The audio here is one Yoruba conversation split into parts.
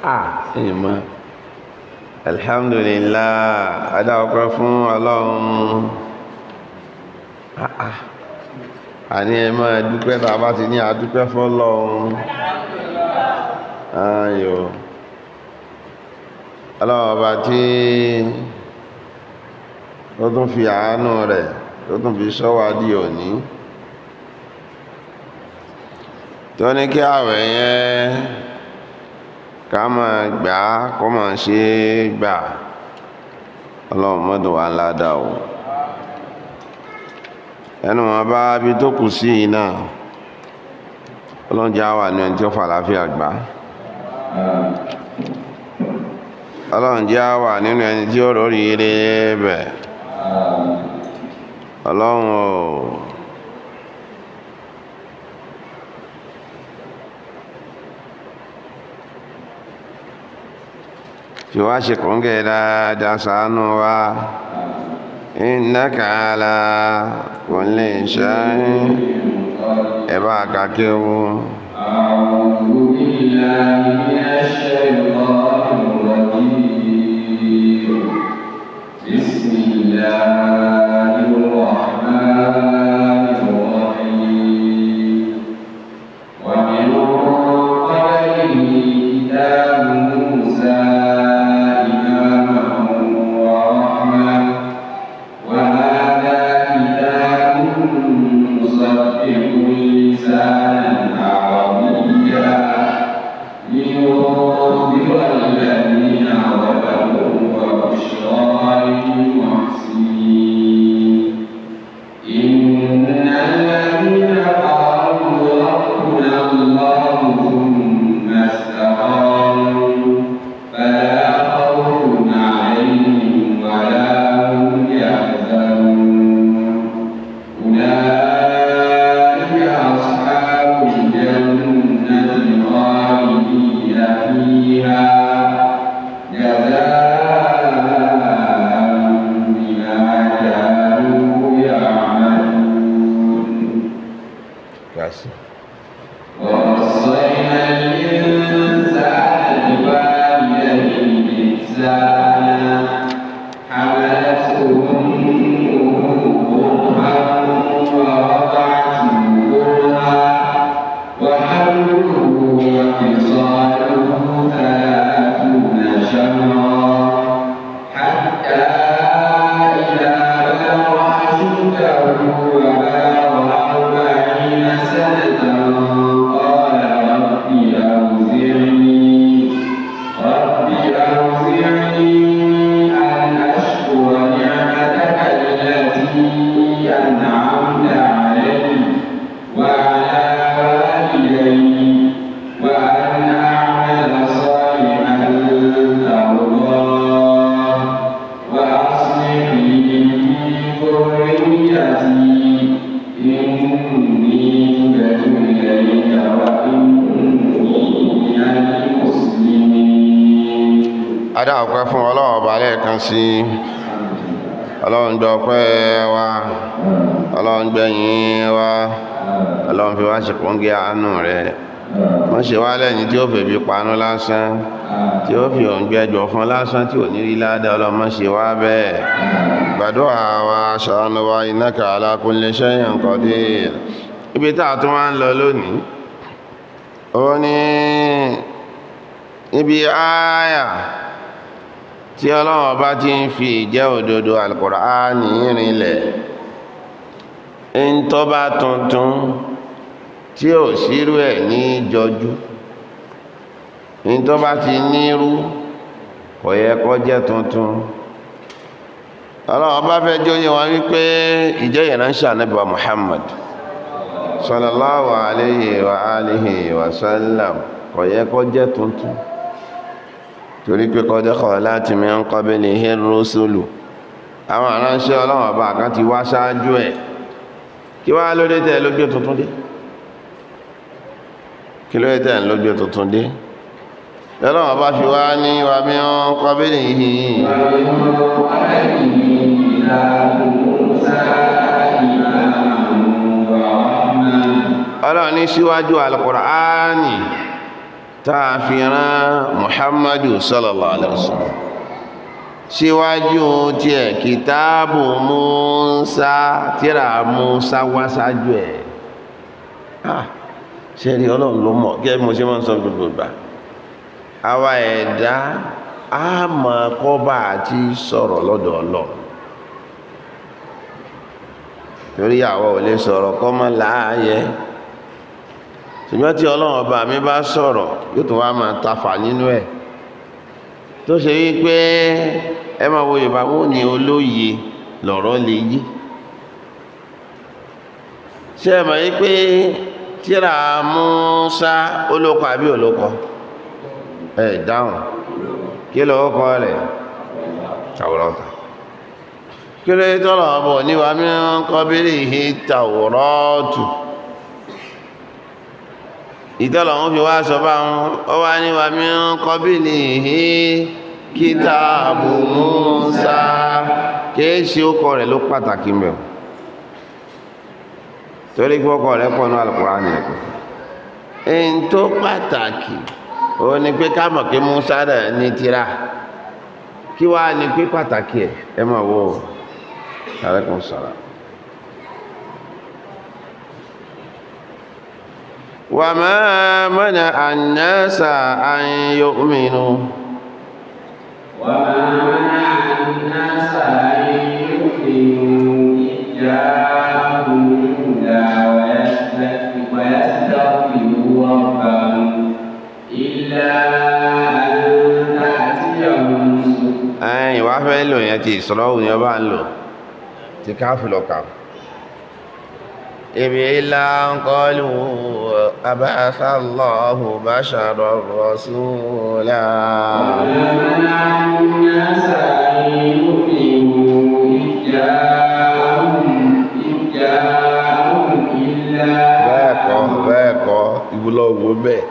ìmọ̀ alhamdulillah adáwọ̀pẹ́ fún ọlọ́run àní ẹ máa dúpẹ́ bàbá ti ní àdúpẹ́ fún ọlọ́run ayò ọlọ́ọ̀bá tí ó tún fi àánú rẹ̀ tó tún fi ṣọ́wà di òní tó ní kí àwẹ̀ yẹn ká máa gbà á kó máa ṣe é gbà ọlọ́run mọ́dọ̀ wà ládàá o ẹnu wọn bá bí tó kù sí iná ọlọ́run ẹni tí ó nínú ẹni tí ó rọrí o. fi wá ṣe kòńgẹ́ dáadáa ṣàánú wa innaka ala kulli shay'in ẹ bá kàkẹ́ wọn. a'udhu billahi minash shaytan. panu lásán tí ó fi òun gbẹjọ fún lásán tí ò ní rí ládá ọlọ́mọ ṣe wá bẹ́ẹ̀ gbàdọ́ àwa ṣàánú wa innaka ala kulli shay'in qadir ibi tá a tún wá ń lọ lónìí ó ní níbi ááyà tí ọlọ́run sírú ẹ̀ ní jọjú ní tó bá ti nírú kò yẹ kó jẹ́ tuntun ọlọ́wọ́ bá fẹ́ jóyè wọn wípé ìjọyẹ̀ náà ń ṣànẹ́bà Muhammad sallallahu alayhi wa alihi wa sallam kò yẹ kó jẹ́ tuntun torí pé kọjọ́ kọ̀ láti mi ń kọ́bílì hírúsùlù àwọn aránṣẹ́ ọlọ́wọ́ bá kan ti wá ṣáájú ẹ̀ kí wá lóde tẹ̀ lójú tuntun dé kí lóde tẹ̀ lójú tuntun dé lọ́lọ́wọ́ bá fi wá ní wa mìíràn kọbílì yìí ọlọ́run ní síwájú alkùránì táa fi rán muhammadu sallallahu alaihi wasallam síwájú tí ẹ̀ kìtàbù Musa tíra Musa wá sáájú ẹ̀ ah, ṣe rí ọlọ́run ló mọ̀ kí ẹ mọ̀ ṣe máa ń sọ gbogbo ìgbà àwa ẹ̀dá a máa kọ́ bá sọrọ sọ̀rọ̀ lọ́dọ̀ ọlọ́run torí àwa ò lè sọ̀rọ̀ kọ́ mọ́ láàyè ṣùgbọ́n tí ọlọ́run ọba mi bá sọ̀rọ̀ yóò tún wá máa tafà nínú ẹ̀ tó ṣe wípé ẹ máa wo yorùbá olóye lọ̀rọ̀ lè yí ṣe é ẹ̀ dáhùn kí lọ rẹ̀ tàwọ̀rọ̀ta kí ọbọ̀ níwà mìíràn kọ́ bílì ihe tàwọ̀rọ̀tù ìtọ́lọ̀ wọn fi wá sọ wọn ó wá níwà mìíràn kọ́ bílì ihe kítàbù Mùsá kìí ṣe ló pàtàkì ó ní pé ká mọ̀ kí Musa náà ní tírà kí wá ní pé pàtàkì ẹ̀ ẹ mọ̀ wọ́ alaikum salaam. wà máa mọ́nà ànásà àyẹ̀yọ òmìnú wà máa mọ́nà ànásà àyẹ̀yọ òmìnú ìjà ẹ̀yìn wá fẹ́ lò yẹn ti ìsọ̀rọ̀wò ni ọba ń lò ti káàfì lọ́kà ibi ilá ń kọlù abáṣàlọ́hù bá ṣàrọ̀ rọ̀súlá bẹ́ẹ̀kọ́ bẹ́ẹ̀kọ́ ìwúlọ́wọ́ bẹ́ẹ̀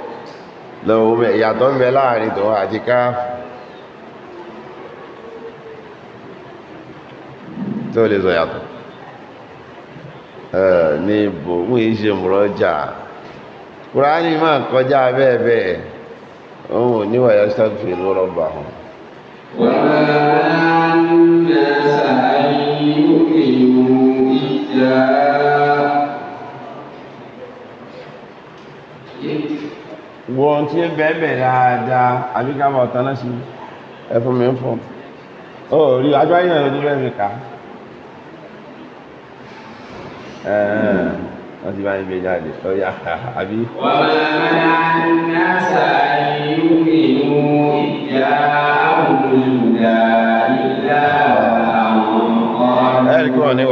lọ́wọ́ ìyàtọ̀ ń bẹ láàrin tó àti káàfù tó lè sọ yàtọ̀ ní ibò wọ́n yìí ṣe mùrọ́jà kùránì máa kọjá bẹ́ẹ̀ bẹ́ẹ̀ òun ò sáfì ló rọ́bà hàn. wàhálà ń bẹ sàárì òkè ìwò ìjà. gbọ́ tí ń bẹ́ẹ̀bẹ̀ dáadáa àbí ká máa tán lọ́sí ẹ̀fọ́ mi ń fọ́ ó rí ajọ́ ayé náà lójú bẹ́ẹ̀ mi kà wọ́n ti bá ń gbé jáde ó yà àbí. wọ́n máa ń ná sàáyé nínú ìyá àwọn ọmọ. ẹ̀rí kí wọ́n ní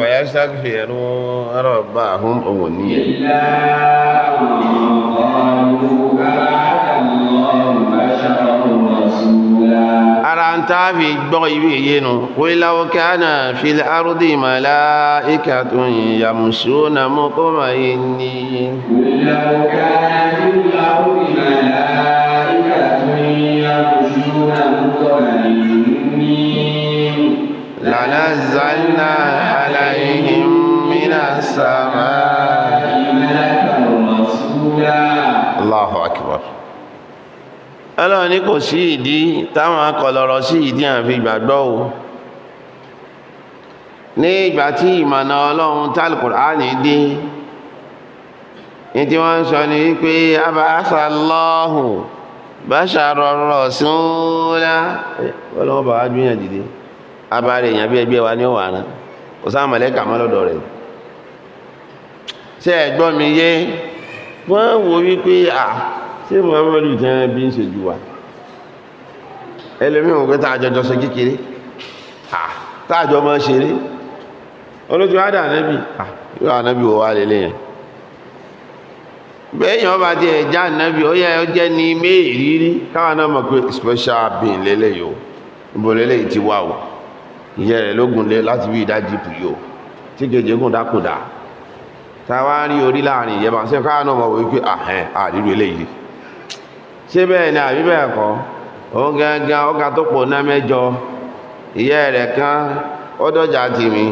ẹ̀rọ ọ̀rọ̀ bá àhún òun ní. ìlà àwọn ọmọ. ara ń tá a fi gbọ́ ìwé yẹnu qul law kana fil ardi malaikatun yamshuna mutma'innin. qul law kana fil ardi malaikatun yamshuna mutma'innin. lanazzalna alayhim minas samaa. ọlọ́run ní kò sí ìdí táwọn akọlọ̀rọ̀ sí ìdí àfi ìgbàgbọ́ o ní ìgbà tí ìmọ̀nà ọlọ́run tálùkùránì dé ní tí wọ́n ń sọ ní wípé abáṣàlọ́hù báṣàrọ̀rọ̀ súnlá ọlọ́run bá wájú yàn dìde abáre èèyàn bí ẹgbẹ́ wa ní ọ̀wà rán kò sáà mọ̀lẹ́kà mọ́ lọ́dọ̀ rẹ̀ ṣé ẹ̀gbọ́n mi yé wọ́n wò wípé à ṣé muhammadu jẹ́ bí ń ṣe jù wá ẹlẹ́mí òun pé tààjọjọ ṣe kékeré tààjọ máa ṣeré olójú ádà nẹ́bì yóò ànẹ́bì wọ́n wá lélẹ̀ yẹn bẹ́yìn ọba ti ẹ̀já nẹ́bì ó yẹ ọjẹ́ ní méèrírí káwọn náà mọ̀ pé special bin lélẹ̀ yóò ìbò lélẹ̀ ti wà o ìyẹ́ rẹ̀ lógun lé láti bí yóò tí kejì gùn dákùdà táwa rí orí láàrin káwọn náà mọ̀ wípé àhẹ́ àdírú eléyìí ṣé bẹ́ẹ̀ ni àbí bẹ́ẹ̀ kọ́ òun gangan ọgá tó pò ná mẹ́jọ ìyá rẹ̀ kan ọdọ́jà tìmí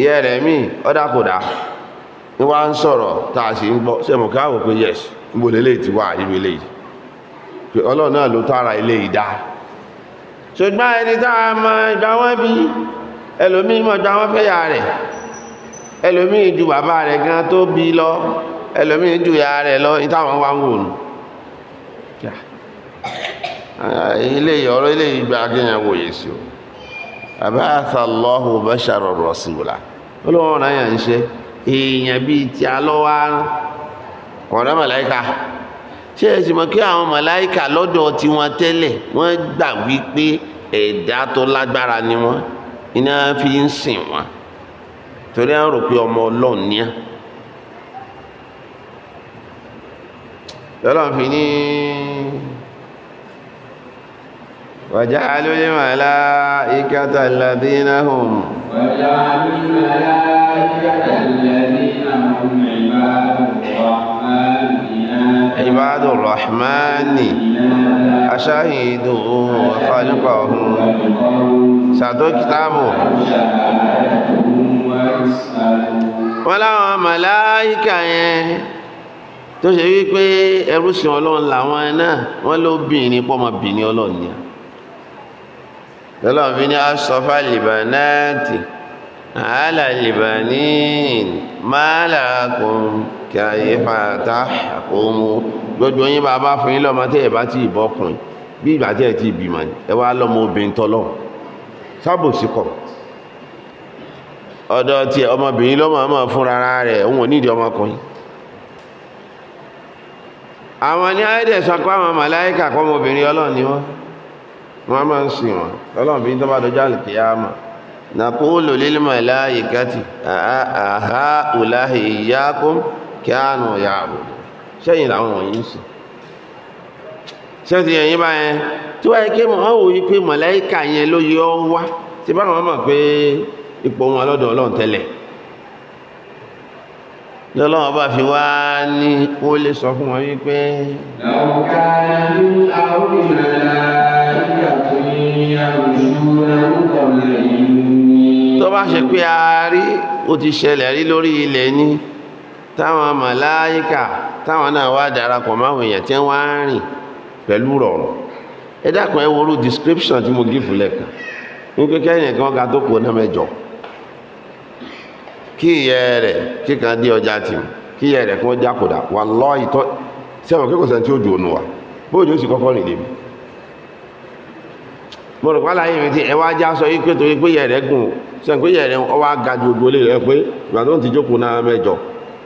ìyá rẹ̀ míì ọdàkùdà ní wá ń sọ̀rọ̀ tá a sì ń gbọ́ ṣe mọ̀ pé yes níbo lè léyìí ti wà nínú ilé yìí ọlọ́run náà ló ilé yìí dá ṣùgbọ́n ẹni tá a mọ ìgbà wọn bàbá rẹ̀ gan tó bí lọ ẹlòmíì ju ìyá rẹ̀ lọ wá ń ilé ọ̀rọ̀ ilé ìgbà akíyàn wòye sí o àbáàtà lọ́hù bá ṣàrọ̀rọ̀ sí wùlá olóòrùn náà yà ń ṣe èèyàn bí i ti alọ́wà ọ̀rẹ́ màláíkà ṣe é sì mọ̀ kí àwọn màláíkà lọ́dọ̀ tí wọ́n tẹ́lẹ̀ wọ́n gbà wípé ẹ̀dá tó lágbára ni wọ́n iná fi ń sìn wọ́n torí àwọn pé ọmọ ọlọ́run ni lọ́lọ́n fi ní wàjá alóyé màlá ikẹta ladina hùn wàjá alóyé màlá ikẹta ladina hùn عباد الرحمن أشاهدوا خلقهم سعدوا كتابه ولا ملائكة tó ṣe wípé ẹrúsìn ọlọ́run làwọn náà wọ́n ló bìnrin pọ́mọbìnrin ọlọ́run ni ọlọ́run fi ní asọ́fà libanáàtì àálà libanin málàkùn kàyífà táàkùnmù gbogbo yín bàbá fún yín lọ́mọ tẹ́ ẹ̀ bá ti ìbọkùnrin bí ìgbà tẹ́ ẹ̀ ti ìbìmọ̀ ẹ wá lọ́mọ obìnrin tọ́lọ́ sábòsí kọ̀ ọ̀dọ̀ tiẹ̀ ọmọbìnrin lọ́mọ ọmọ fúnra rẹ̀ òun ò nídìí ọmọkùnrin àwọn ní ayédè sọ pé àwọn màláíkà kọ́ ọmọbìnrin ọlọ́run ni wọ́n wọ́n máa ń ọlọ́run bí tó bá dọjọ́ àlùkè yá mà nàkúlò lílì màláíkàtì àhá ùláhì ìyákùn kí á nù yàgò sẹ́yìn làwọn wọ̀nyí ń sìn sẹ́yìn ẹ̀yìn bá yẹn tí màláíkà yẹn ló yọ wá tí báwọn mọ̀ pé ipò wọn lọ́dọ̀ lọ́lọ́wọ́ bá fi wá ní ó lè sọ fún wọn wípé tó bá ṣe pé a rí ó ti ṣẹlẹ̀ rí lórí ilẹ̀ ní táwọn màláíkà táwọn náà wá darapọ̀ máwọn èèyàn tí wọ́n á rìn pẹ̀lú rọ̀rọ̀ ẹ dákun ẹ wo description tí mo gífù lẹ́kàn ní kékeré nìkan ga tó kò náà mẹ́jọ kí ìyẹ́ rẹ̀ kí kan dí ọjà tì kí ìyẹ́ rẹ̀ kí wọ́n jákòdà wà lọ́ ìtọ́ sẹ́wọ̀n kí kò tí ó ju ònù bóòjì ó sì kọ́kọ́ rìn débi mo rò yìí já sọ pé torí pé rẹ̀ gùn sẹ́wọ̀n pé ìyẹ́ rẹ̀ ọ wá ga ju gbogbo pé ìgbà tó ń ti jókòó náà mẹ́jọ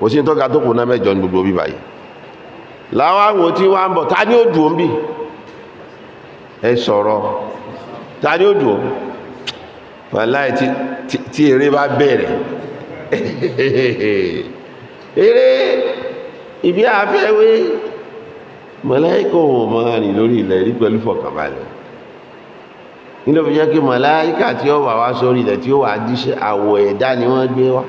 kò sí tó ga tó kò náà mẹ́jọ ní gbogbo bíbá yìí tí ń bọ̀ ta ni ó dùn eré ibi àfẹ́wé wee? wọn máa rìn lórí ilẹ̀ rí pẹ̀lú fọkànbalẹ̀ nílò fi jẹ́ kí màláíkà tí ó wà wá sórí ilẹ̀ tí ó wà díṣẹ́ àwọ̀ ẹ̀dá ni wọ́n gbé wá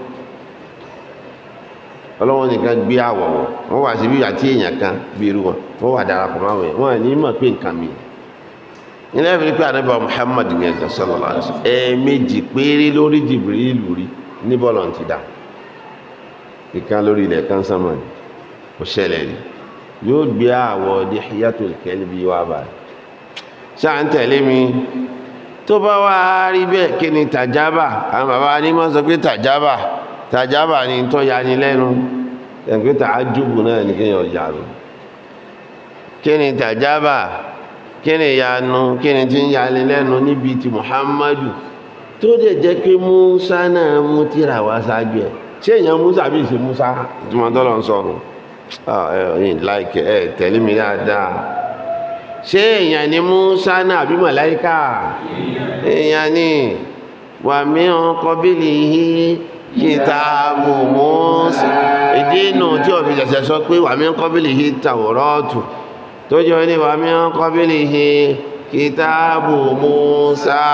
ọlọ́wọ́n nìkan gbé àwọ̀ wọ̀ wọ́n wà síbí àti èèyàn kan bí irú wọn wọ́n wà darapọ̀ máa wẹ̀ wọ́n ní mọ̀ pé nǹkan mi nílẹ̀ fi pé àdébà yẹn péré lórí níbọ̀lọ̀ ti dà ìka lórí ilẹ̀ kan sánmọ̀ ni kò ṣẹlẹ̀ ni yóò gbé àwọ̀ dihiyatul kalbi wá báyìí ṣáà ń tẹ̀lé mi tó bá wá rí bẹ́ẹ̀ kí ni tàjábà àwọn bàbá ní mọ́ sọ pé tàjábà tàjábà ni tó yani lẹ́nu ẹ̀pẹ́ tàájúbù náà ní kíyàn yàrù kí ni tàjábà kí ni yanu kí ni ti ń yani lẹ́nu níbi ti Muhammadu tó dẹ̀ jẹ́ pé Musa náà mú tíra wá ṣáájú ẹ̀ ṣé èèyàn Musa bí ìṣe Musa ìtumọ̀ tọ́lọ̀ ń sọ̀rọ̀ ẹ̀yìn láìkẹ́ ẹ̀ tẹ̀lé mi dáadáa ṣé èèyàn ni Musa náà bí màláíkà èèyàn ni wà mí ọkọ̀ bílì yìí kìtàbù Musa ìdí inú tí òfin ṣẹ̀ṣẹ̀ sọ pé wà mí ọkọ̀ bílì yìí tàwọ̀rọ̀ ọ̀tù tó jọ ní wà mí ọkọ̀ bílì yìí kìtàbù Musa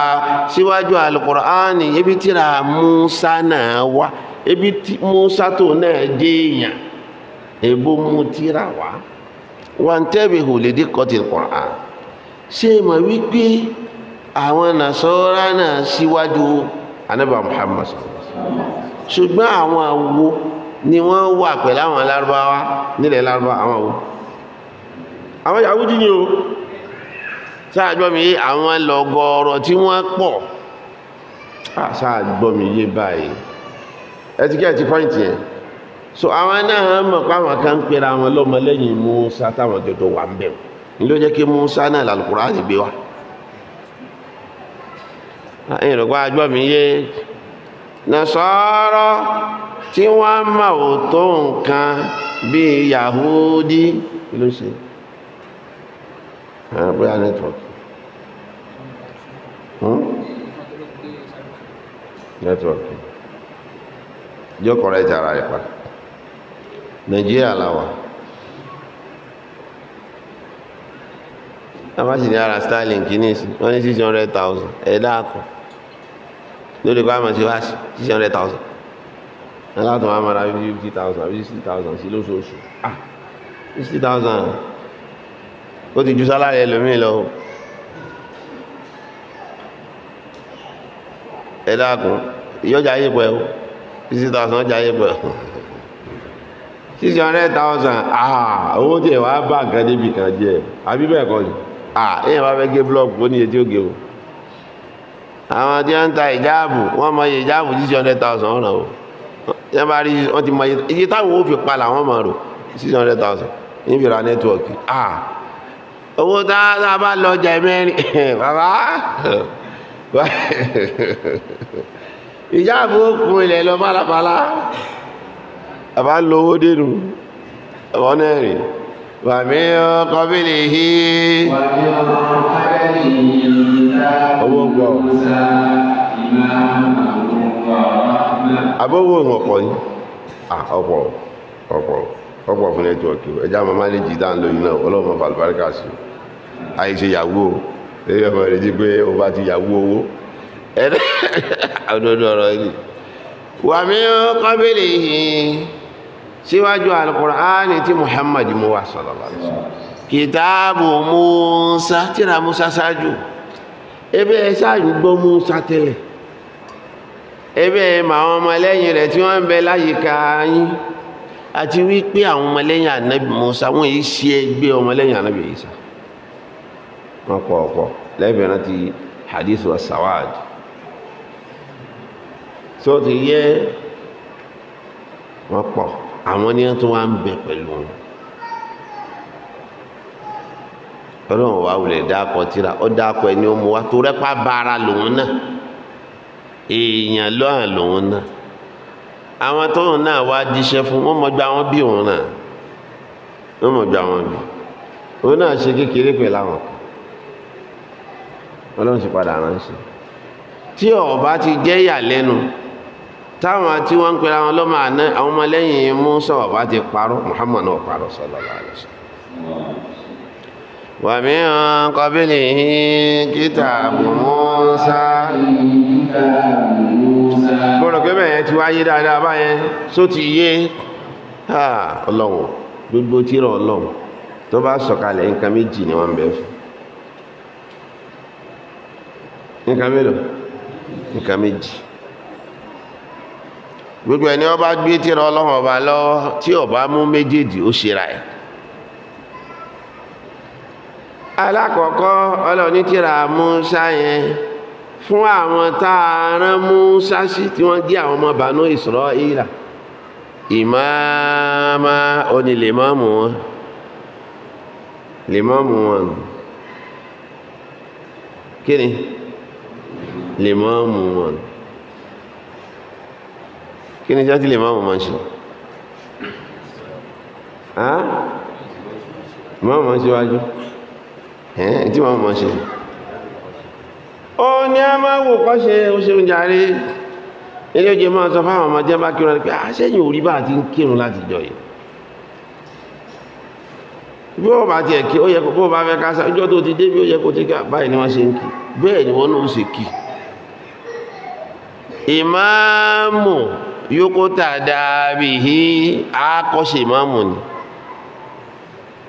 síwájú alìkùránì ibi tíra Musa náà wá ibi tí Musa tó náà dé èèyàn ebó mú tíra wá wọ́n tẹ́bì hù lè díkọ́ ti kùrán ṣe mọ̀ wípé àwọn nàṣọ́rá náà síwájú anábà Muhammad ṣùgbọ́n àwọn awo ni wọ́n wà pẹ̀lú àwọn lárúbáwá nílẹ̀ lárúbáwá àwọn awo àwọn yahudi ni o sáàgbọ́mi yé àwọn lọ́gọ́ọ̀rọ̀ tí wọ́n pọ̀ sáàgbọ́mi yé báyìí ẹtíkẹ́ ti pọ́ìntì yẹn so àwọn náà mọ̀ páwọn kan pèrà àwọn lọ́mọ lẹ́yìn Musa táwọn jọjọ wà ń bẹ̀ ló jẹ́ kí Musa náà l'Al-Qur'ani gbé wá ìrọ̀gbọ́ agbọ́mi yé Nasara tí wọ́n mọ̀ ò tó nǹkan bíi Yahudi ló ṣe àbúrò network nẹ́tíwọ̀kì yóò kọ̀rẹ́ jara rẹ̀ pa nàìjíríà làwà abáṣì ní ara starlink ní ìsìn wọ́n ní 600,000 ẹ̀dá àkọ́ lórí bá mọ̀ sí wá 600,000 aláàtọ̀ máa mara 50,000 àbí 60,000 sí lóṣooṣù ah 60,000 ó ti ju sálárì ẹlòmíì lọ ẹ dákun ìyọjà yìí pẹ o sixty thousand ọjà yìí pẹ six hundred thousand ah owó tí ẹ wá bá nǹkan débi kan jẹ àbí bẹ́ẹ̀ kọ́ ni ah èèyàn bá fẹ́ gé búlọ́ọ̀kù ó ní etí ó gé o àwọn tí wọ́n ń ta ìjáàbù wọ́n mọ iye ìjáàbù six hundred thousand ọ̀nà o yẹn bá rí wọ́n ti mọ iye táwọn ò fi pa làwọn mọ̀ rò six hundred thousand níbi ra nẹ́tíwọ̀kì ah owó tá a bá lọ jẹ mẹ́rin bàbá. ìjáàbò okùn ilẹ̀ lọ bálabàlá àbá lówó dénú ọ̀nà ẹ̀rìn wà mí ọkọ̀ bí lè hí owó gbọ́ abọ́wọ́ ọ̀pọ̀ yìí ọ̀pọ̀ ọ̀pọ̀ ọ̀pọ̀ fún ẹjá mọ́ lè lóyìn náà sí èyí ọmọ rẹ̀ ti pé o bá ti yàwó owó ẹ̀rẹ́ ọdọọdọ ọ̀rọ̀ yìí wà mí kọ́bílì yìí síwájú alukur'ani tí muhammad mú wa sallallahu alaihi wasallam kìtàbù musa tíra musa ṣáájú ebe ẹ ṣáájú gbọ́ musa tẹ́lẹ̀ ebe ẹ ma àwọn ọmọlẹ́yìn rẹ̀ tí wọ́n ń bẹ láyìíká yín àti wípé àwọn ọmọlẹ́yìn ànábì musa wọ́n yìí ṣe ẹgbẹ́ ọmọlẹ́yìn ànábì isa wọn kọ ọ̀pọ̀ lẹ́bẹ̀rẹ̀ ti hadith wa sawad so ti yẹ wọn pọ̀ àwọn ní wọn tó wá ń bẹ pẹ̀lú ọlọ́run wa wulẹ̀ dákọ̀ tíra ọ dákọ̀ ẹni ó mú wa tó rẹ́pá bára lòun náà èèyàn lọ́hàn lòun náà àwọn tóun náà wá díṣẹ́ fún wọn mọ̀ gba wọn bí òun náà wọn mọ̀ wọn bí ọlọ́run sì padà ránṣẹ́ tí ọba ti jẹ́ ìyàlẹ́nu táwọn tí wọ́n ń pera wọn lọ́mọ àná àwọn ọmọlẹ́yìn Mùsá ọba ti parọ́ Muhammad náà parọ́ sallallahu alaihi wasallam wa min qablihi kitabu Mùsá gbọ́dọ̀ pé bẹ́ẹ̀ ti wáyé dáadáa ah, gbogbo tírà ọlọ́run tó bá sọ̀kalẹ̀ nǹkan méjì ni wọ́n ń fún nǹkan mélòó nǹkan méjì gbogbo ẹni ọba gbé tíra ọlọ́run ọba lọ́wọ́ tí ọba mú méjèèjì ó ṣe ra ẹ̀ alákọ̀ọ́kọ́ ọlọ́ni tíra Mùsá yẹn fún àwọn tá a rán Mùsá sí tí wọ́n jẹ́ àwọn ọmọ Banu Israila ìmáàmá onílèmọ́mù wọn lèmọ́mù wọn kí ni. Kini? lè máàmù wọn kí ni jẹ́ tí lè máàmù máa ń ṣe máàmù máa ń ṣe wájú ẹ̀ẹ́ tí máàmù máa ń ṣe ó ní a máa wò pàṣẹ oṣèlú jàre ilé oúnjẹ máa sọ fáwọn ọmọ jẹ́ ah, bá kírun láti pé àṣẹ́yìn orí bá ti ń láti jọ yìí bí ó bá tiẹ̀ kí ó yẹ kó bá fẹ́ kásá ìjọ tó ti dé bí ó yẹ kó ti ká báyìí ni wọ́n ṣe ń kí bẹ́ẹ̀ ni wọ́n náà ṣe kí ìmáàmù yókó tàdá bìí àkọ́ṣe ìmáàmù ni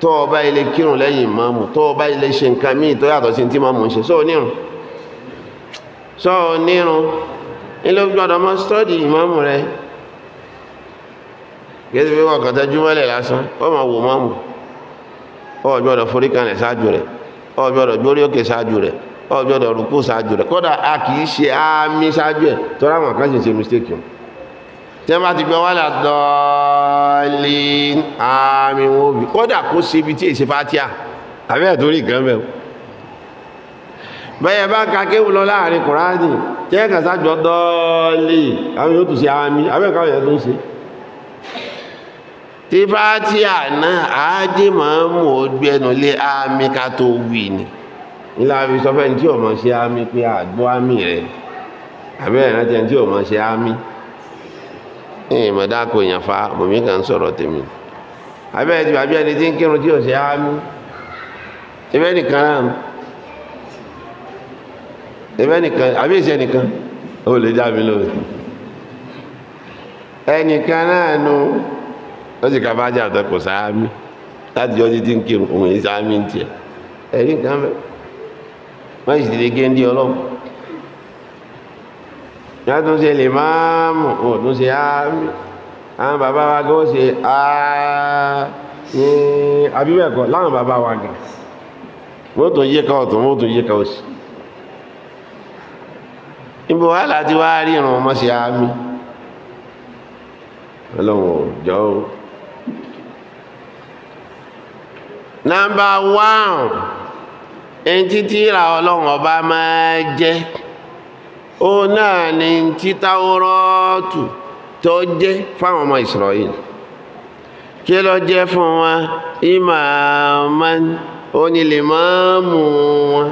tó o bá ilé kírun lẹ́yìn ìmáàmù tó o ilé ṣe nǹkan míì tó yàtọ̀ sí tí ìmáàmù ń ṣe sóò nírun sóò nírun ilé gbọ́dọ̀ mọ́ stọ́dì ìmáàmù rẹ gẹ́gẹ́ bí wọ́n kàn tẹ́jú mọ́lẹ̀ lásán ó máa wò máàmù ọ gbọ́dọ̀ forí kanlẹ̀ ṣáájú rẹ̀ ọ gbọ́dọ̀ gbórí òkè ṣáájú rẹ̀ ọ gbọ́dọ̀ rúkú ṣáájú rẹ̀ kódà a kì í ṣe àmì ṣáájú ẹ̀ tọ́ra àwọn kan sì ṣe mistake o tí wọ́n bá ti gbọ́ wálé àdọ́ọ̀lì àmì wọn òbí kódà kó ṣe ibi tí èsì fatia àbẹ́ ẹ̀tọ́rí kan bẹ́ẹ̀ bẹ́ẹ̀ bá ka kéwù lọ láàrin kùránì tẹ́ẹ̀kà ṣáájú ọdọ́ọ̀lì àwọn yóò tún ṣe àmì àbẹ́ ẹ̀káwọ̀ yẹn tó ń ṣe tí fàtíà náà ájí máa mú ọgbẹ́nu lé àmì ká tó wì ní láàrin sọ fẹ́ni tí ò mọ̀ ṣe àmì pé àgbọ́ àmì rẹ̀ àbẹ́rẹ̀ rántí ẹni tí ò mọ̀ ṣe àmì ẹ̀yìn mọ̀dáko èèyàn fa mọ̀mí kan sọ̀rọ̀ tèmi àbẹ́rẹ̀ ti bàbí ẹni tí ń kírun tí ò ṣe àmì ẹbẹ́ nìkan náà ẹbẹ́ nìkan àbí ìṣẹ́ nìkan ó lè dá mi lóore ẹnìkan náà nu. No ó sì ká bá jà tán kò sáámi láti ọdún tí ń kírun òun èyí sáámi ń tiẹ̀ ẹ̀rí nǹkan mẹ́ wọ́n sì ti géńdé ọlọ́mù yàtọ̀ tún ṣe lè máa mọ̀ ọ̀ tún ṣe áámi àwọn bàbá wa gan ṣe áámi àbíwẹ̀kọ̀ láwọn bàbá wa gan wọ́n tún yíká ọ̀tún wọ́n tún yíká òsì níbo wá láti wá rí ìrùn ṣe áámi ọlọ́run ò jọ́ ọ́ nàmbà wán ẹni títí ra ọlọ́run ọba máa jẹ́ ó náà ni títàwọ́rọ́tù tó jẹ́ fáwọn ọmọ Israel kí ló jẹ́ fún wọn imaman onílèmọ́mù wọn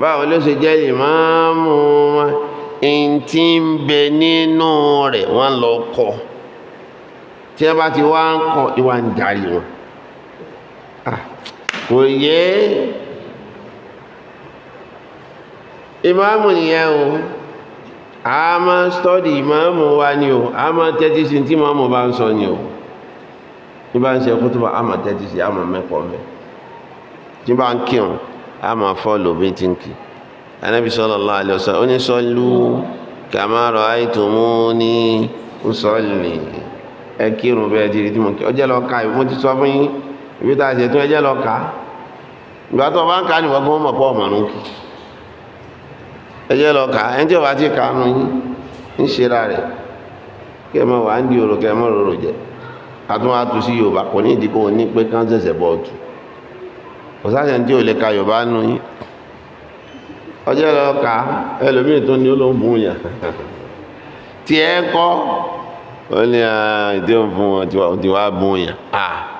báwo ló ṣe jẹ́ ìmáàmù wọn in tí ń bẹ nínú rẹ̀ wọ́n lọ kọ́ tí ẹ bá ti wá ń kọ́ ìwà ń darí wọn kò yé ìmáàmù nìyẹn o a máa stọ́dì ìmáàmù wa ni o a máa tẹ́tí sí tí ìmáàmù bá ń sọ ni o ní bá ń ṣe kútùbà a máa tẹ́tí sí a máa mẹ́kọ̀ọ́ mẹ́ tí bá ń kírun a máa fọ́lù bí ti ń kí anábì sallallahu alaihi wasallam ó ní sọ́lú kama ra'aytumuni usalli ẹ kírun bẹ́ẹ̀ ti rí tí mo kí ọjọ́ lọ ká ìwé mo ti sọ fún yín ibi tá a ṣètò ẹjẹ́ lọ kà ìgbà tó bá ń kà nìwọ̀n gbọ́n mọ̀ pọ̀ ẹjẹ́ lọ tí bá ti kà nù yín ń ṣe ra rẹ̀ kí ẹ ń di òrò kẹ àtún àtú sí Yorùbá kò ní ìdíkò ní pé ka Yorùbá nù yín ọjọ́ lọ kà ẹlòmíì ní yàn kọ́ ó ní ah, ìdí òun fún wọn tí wàá bùn yàn ah.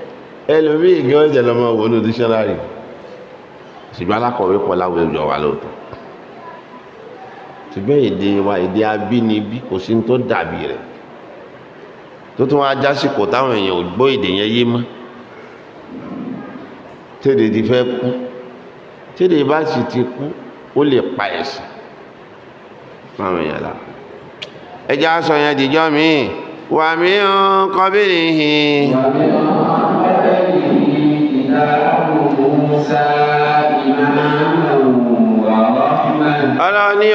ẹlòmíì gan jẹ lọmọ wo ní dictionary ṣùgbọ́n alákọ̀wé pọ̀ láwùjọ wa lóòótọ́ ṣùgbọ́n èdè wa èdè abínibí kò sí tó dàbí rẹ̀ tó tún wá jásìkò táwọn èèyàn ò gbọ́ èdè yẹn yé mọ́ tèdè ti fẹ́ kú tèdè bá sì ti kú ó lè pa ẹ̀sìn fáwọn èèyàn lára ẹjá sọ yẹn dìjọ́ mi wà mí ń kọ́ bí nìyí.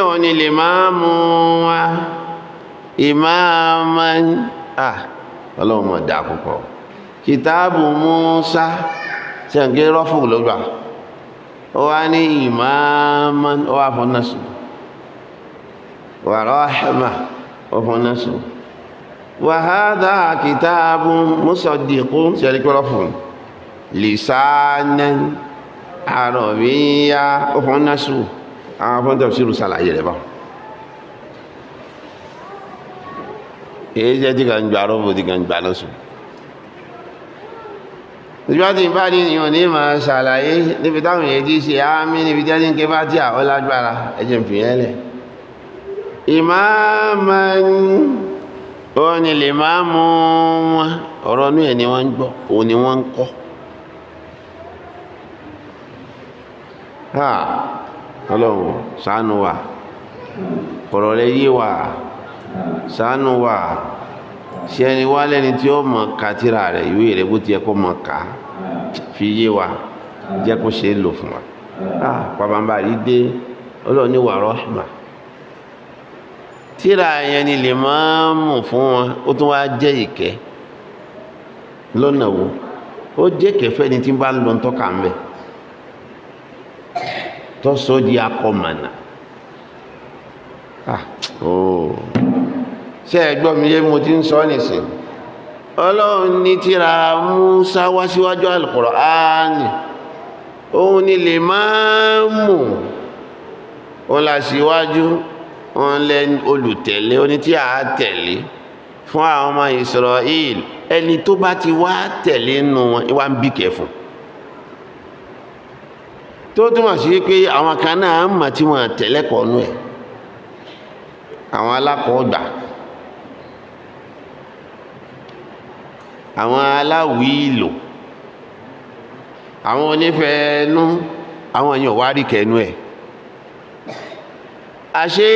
òun ni lè máa mú wa ìmáàmá à ọlọ́run mọ̀ dá púpọ̀ kìtàbù Mùsá tí a ń gé rọ́fù lọ́gbà ó wá ní ìmáàmá ó wá fún násù wà ráhàmà ó fún násù wà hádá kìtàbù musaddiqu tí a rí pé ó fún násù àwọn fọ́ntẹ̀ sírù sàlàyé rẹ̀ bá èyí jẹ́ tí kan gbà rọ́bù tí kan gbà lọ́sùn ìjọba tí bá ní ìyàn ní ma ṣàlàyé níbi táwọn èyí tí ṣe àmì níbi tí a ti ń ké bá tí àwọn lágbára ẹjẹ́ fìyẹ́lẹ̀ ìmáàmán òun ni lè máa mú wọn ọ̀rọ̀ inú ẹ̀ ni wọ́n ń gbọ́ òun ni wọ́n ń kọ́ ọlọ́run ṣàánú wa ọ̀rọ̀ rẹ̀ yé wa ṣàánú wa ṣe ẹni wá lẹ́ni tí ó mọ̀ ká tíra rẹ̀ ìwé rẹ̀ bó ti yẹ kó mọ̀ ká fi yé wa jẹ́ kó ṣe é lò fún wa pàbàmbà rí dé ọlọ́run ní wàrọ̀ ọ̀hìnmá tíra yẹn ni lè máa mú fún wọn ó tún wá jẹ́ ìkẹ́ lọ́nà wo ó jẹ́ kẹfẹ́ ni tí ń bá lọ ń tọ́ka ń bẹ́ẹ̀ tó só di akọmọ̀nà ah. oh. ṣe ẹgbọ́ mi yé mo ti ń sọ nìsìn ọlọ́run ní tíra Mùsá wá síwájú Al-Kùránì òun ni lè máa mú òun là síwájú òun lẹ olùtẹ̀lé oní tí a tẹ̀lé fún àwọn ọmọ Ísírẹ́lì ẹni tó bá ti wá tẹ̀lé nù wọn wá ń bí kẹfùn tó túmọ̀ sí pé àwọn kan náà ń mà tí wọ́n tẹ̀lẹ́kọ̀ọ́ nú ẹ̀ àwọn alákọ̀ọ́gbà àwọn aláwìílò àwọn onífẹ̀ẹ́nú àwọn èèyàn wá rí kẹnu ẹ̀ àṣé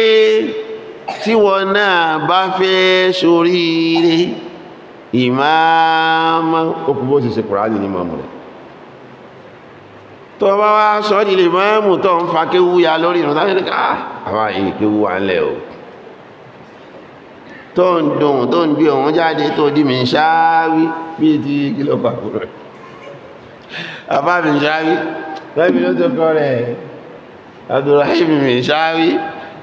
tí wọn náà bá fẹ́ soríire ìmáàmá ó kú bó ṣe ṣe kùránì ní mọ́mù rẹ̀ tó bá wá sọ ọ́ dìlè mọ́mù tó ń fa kéwú ya lórí ìrùn táwọn ẹ̀ka àwọn èyí kéwú wa ń lẹ̀ o tó ń dùn tó ń gbé òun jáde tó dì mí ṣááwí bíi ti kìlọ̀ pàkúrọ̀ àbá mi ṣááwí lẹ́bi ló tó rẹ̀ Abdulrahim mi ṣááwí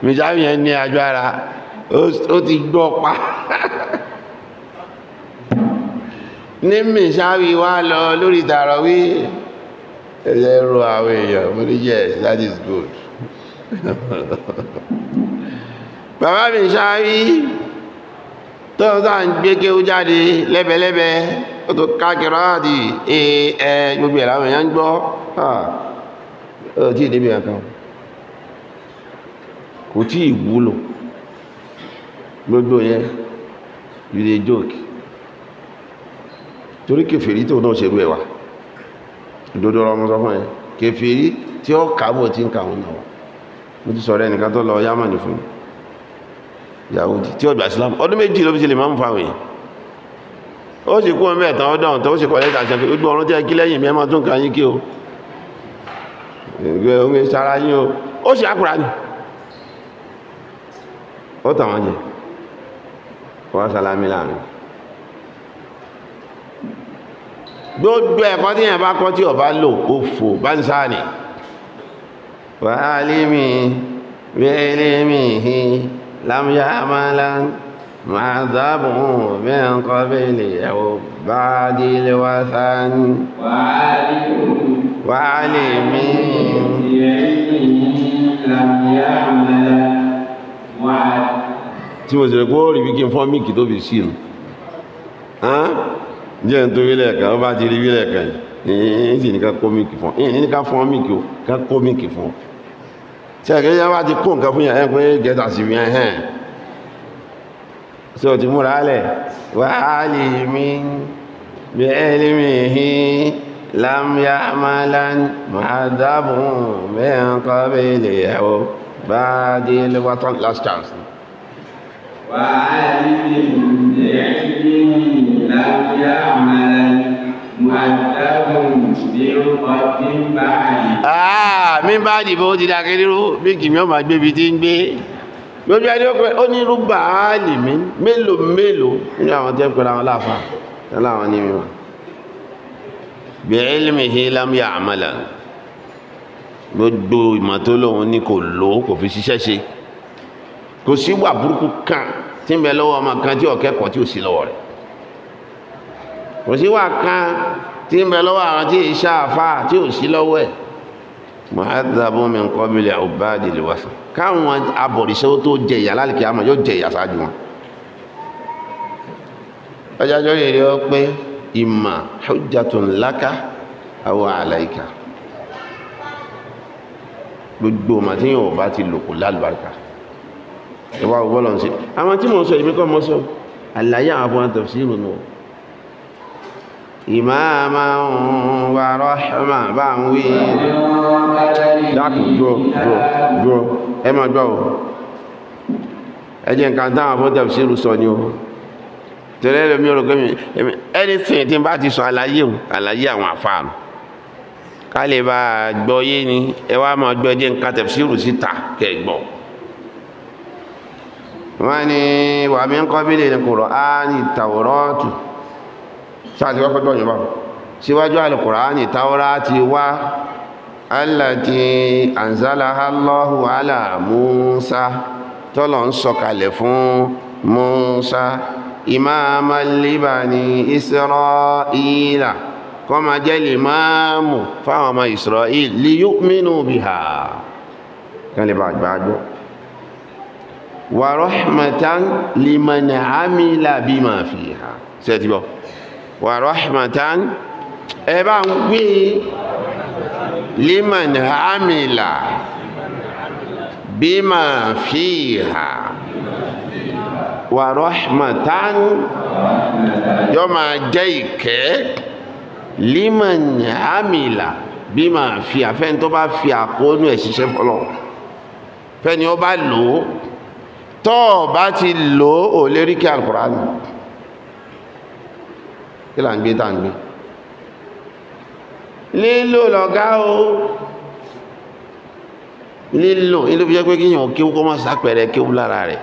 mi ṣááwí yẹn ní agbára ó ti gbọ́ pa ní mi ṣááwí wá lọ lórí tààrọ̀ wí ẹ̀yẹ rọ àwọn èèyàn mo ní yes that is good bàbá mi ṣáárí tó ń sáà ń gbé kéwú jáde lẹ́bẹ̀lẹ́bẹ̀ ó tó kákìrọ́ àti ẹ gbogbo ẹ̀ láwọn èèyàn ń gbọ́ ah, ó tí ì débi kò tí ì wúlò gbogbo yẹn you dey joke torí kèfèrí tó náà ṣerú ẹ̀wà ìdodo ọ̀rọ̀ ọmọ sọ fún ẹ kẹfìrí tí ó kàbọ̀ tí ń kàwọn náà mo ti sọ̀rọ̀ ẹnìkan tó lọ yámàní fún Yahudi tí ó gbà Islam ọdún méjì ló fi ṣe lè máa ń fa wèé ó sì kú ọmọ ẹ̀tàn ọdún ọ̀tọ̀ ó sì kọ̀ lẹ́tà ṣẹ́fẹ́ gbogbo ọ̀run tí ẹ kí lẹ́yìn mẹ́mọ́ tún kà yín kí o ìgbẹ́ omi sára yín o ó sì ákùrà ní ó tàwọn jẹ wọ́n sálámí láàrin gbogbo ẹ̀kọ́ tí yẹn bá kọ́ tí ọba lò ó fò bá ń sáà nì wàhálìmí bẹ́ẹ̀lẹ́mí hì lámúyàmálá máa dábùn bí n kọ́ bẹ́ẹ̀lẹ̀ ẹ̀wọ̀ bá dílé wá sáà ní wàhálìmí tí mo sì rẹ̀ kó rí bí kí n fọ́ míkì tó fi sí nù jẹ́ ń torí lẹ́ẹ̀kan ó bá ti rí lẹ́ẹ̀kan yìí sì ní ká kó míìkì fún ìyìn ní ká fún míìkì ó ká kó míìkì fún ṣe ẹ̀kẹ́ yá wá ti kó nǹkan fún yàn ẹ̀ pé gẹ́ta sì rí ẹ̀hẹ́n ṣe ò ti múra lẹ̀ wàá lè mí bí ẹni mi hìn لم يعملا معذب من قبله أو بعد الوطن last chance وعلم بعلم لم يعمل مؤدب بعقد بعد آه من بعد bó ti dá kẹ́lẹ́rú bí kìmí ọmọ agbébi tí ń gbé lójú ẹni ó ní rúgbà áàlì mi mélòó mélòó nínú àwọn tẹ́ ń pẹ̀lú àwọn láàfà láwọn ní mímọ̀ bí ilmihi lam ya'mala gbogbo ìmọ̀ tó lóun ní kò lò kò fi ṣiṣẹ́ ṣe kò sí wà burúkú kan tí ń bẹ lọ́wọ́ ọmọ kan tí ọ̀kẹ́kọ̀ọ́ tí ò sí lọ́wọ́ rẹ̀ kò sí wà kan tí ń bẹ lọ́wọ́ àwọn tí ìṣá àfá tí ò sí lọ́wọ́ ẹ̀ mọ̀ádàbọ̀ mi ń kọ́bílẹ̀ ọ̀báàdì lè wàsàn káwọn abọ̀rìṣẹ́ tó jẹ ìyà lálìkí àmọ́ yóò jẹ ìyà sáájú wọn ọjọ́jọ́ rere ọ pé ìmà hujjatun laka aw alaika gbogbo ọmọ tí yóò bá ti lòkù lálùbáríkà ìwà ògbọ́lọ̀ ń àwọn tí mo sọ ìmíkọ́ mọ́ sọ àlàyé àwọn afọ́nà tafsiru náà ìmáàmà wà rọ́ṣọ́mà bá ń wí dákùn dúró dúró dúró ẹ mọ̀ gbọ́ ẹjẹ́ nǹkan táwọn fọ́tẹ̀ sí rúsọ ni ó tẹ̀lé ẹlòmí orò gómìn anything tí n bá ti sọ àlàyé àlàyé àwọn àfàànù ká lè bá gbọ́ yé ni ẹ wá mọ̀ gbọ́ ẹjẹ́ nǹkan tẹ̀ sí rú síta kẹgbọ́ wọ́n ní wàmí ń kọ́ bílẹ̀ ní Kùránì Tàwùrátù sáàtì wá pẹ́jọ́ ìjọba síwájú alìkùránì taura ti wá allati anzalaha Allahu ala Musa tọ́lọ̀ ń sọ̀kalẹ̀ fún Musa imaman libani Isra'ila kọma jẹ́ limamu fáwọn ọmọ Isra'il li yu'minu biha kan lè bá àgbàgbọ́ wa rahmatan liman amila bima fiha sẹ́tìbọ̀ wa rahmatan ẹ bá ń gbé liman amila bima fiha wa rahmatan yọ máa jẹ́ ìkẹ́ liman amila bima fiha fẹ́ni tó bá fi àkóónú ẹ̀ ṣiṣẹ́ fẹ́ni ó bá lò tọ́ bá ti lò ò lérí kí al kí là ń gbé tà ń gbé lílò lọ̀gá o lílò ilé fi jẹ́ pé kíyàn kí ó kọ́ mọ́ sápẹ̀rẹ̀ kí ó lára rẹ̀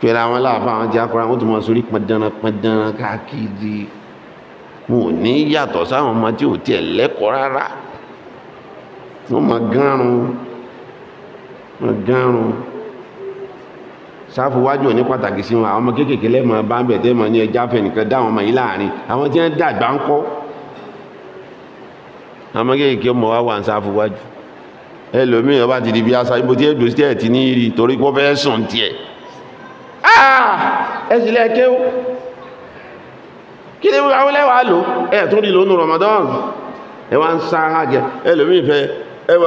pẹ̀lú àwọn aláàfà àwọn jẹ́ akọrin wọ́n ti mọ́ sórí pẹ̀dánrán pẹ̀dánrán káàkiri mo ní yàtọ̀ sáwọn ọmọ tí ò tiẹ̀ lẹ́kọ̀ọ́ rárá wọ́n mọ̀ gánrun mọ̀ gánrun sáfù wájú òní pàtàkì sí wọn àwọn ọmọ kéékèèké lẹ́mọ̀ bá ń bẹ̀ tẹ́ mọ̀ ní ẹja fẹ̀ nìkan dá àwọn ọmọ yìí láàrin àwọn tí wọ́n dàgbà ń kọ́ àwọn ọmọ kéékèèké ọmọ wa wà ń sáfù wájú ẹlòmíràn bá ti di bí aṣa ibo tí ẹ dòsí ẹ ti ní rí torí pọ́ fẹ́ sùn tiẹ̀ ah! ẹ sì lẹ́ kéw kí ni àwọn ẹlẹ́wàá lò ẹ tún rí lónú Ramadan ẹ wá ń sá ẹlòmíràn fẹ́ ẹ wọ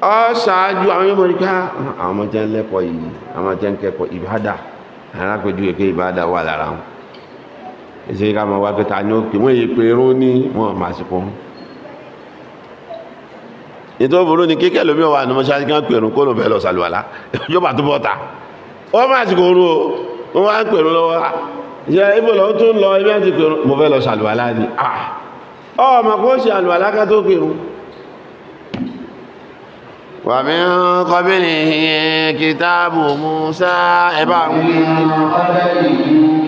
ọ saa àwọn yóò mọ̀ ní ah, àwọn jẹ́ lẹ́kọ̀ọ́ yìí àwọn jẹ́ ń ìbádà alákòjú èké ìbádà wà lára wọn èsì ká mọ̀ wá ni wọ́n pé ni kíkẹ́ lómi ọ̀wà ni mo ṣáájú kí wọ́n pè irun kó ló lọ sàlùwàlá tó o wọ́n wá ń pè irun lọ́wọ́ ṣe lọ́wọ́ tó mo fẹ́ lọ sàlùwàlá ni kó ah! ṣe àlùwàlá ká tó pè ومن قبله كتاب موسى إمام ومن قبله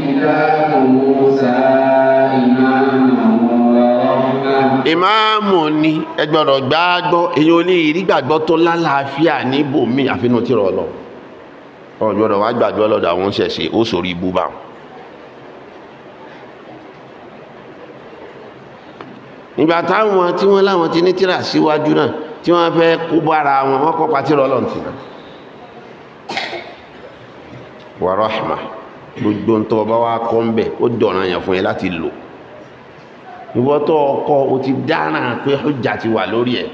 كتاب موسى ìmáàmù ni ẹ gbọ́dọ̀ gbàgbọ́ èyí ò ní ìrí gbàgbọ́ tó lálàáfíà ní bòmí àfinú tí rọ lọ ọ̀gbọ́dọ̀ wá gbàgbọ́ lọ́dọ̀ àwọn ṣẹ̀ṣẹ̀ ó sórí ibú bá ìgbà táwọn tí wọ́n láwọn ti ní tíra síwájú náà tí wọ́n fẹ́ kó bára wọn wọ́n kọ́ pàtí rọ lọ́n ti wà rọ́ṣmà gbogbo ń tọ́ bá wá kọ́ ń bẹ̀ ó dọ̀nà yàn fún yẹn láti lò ìwọ́tọ̀ ọkọ̀ o ti dára pé ọjà ti wà lórí ẹ̀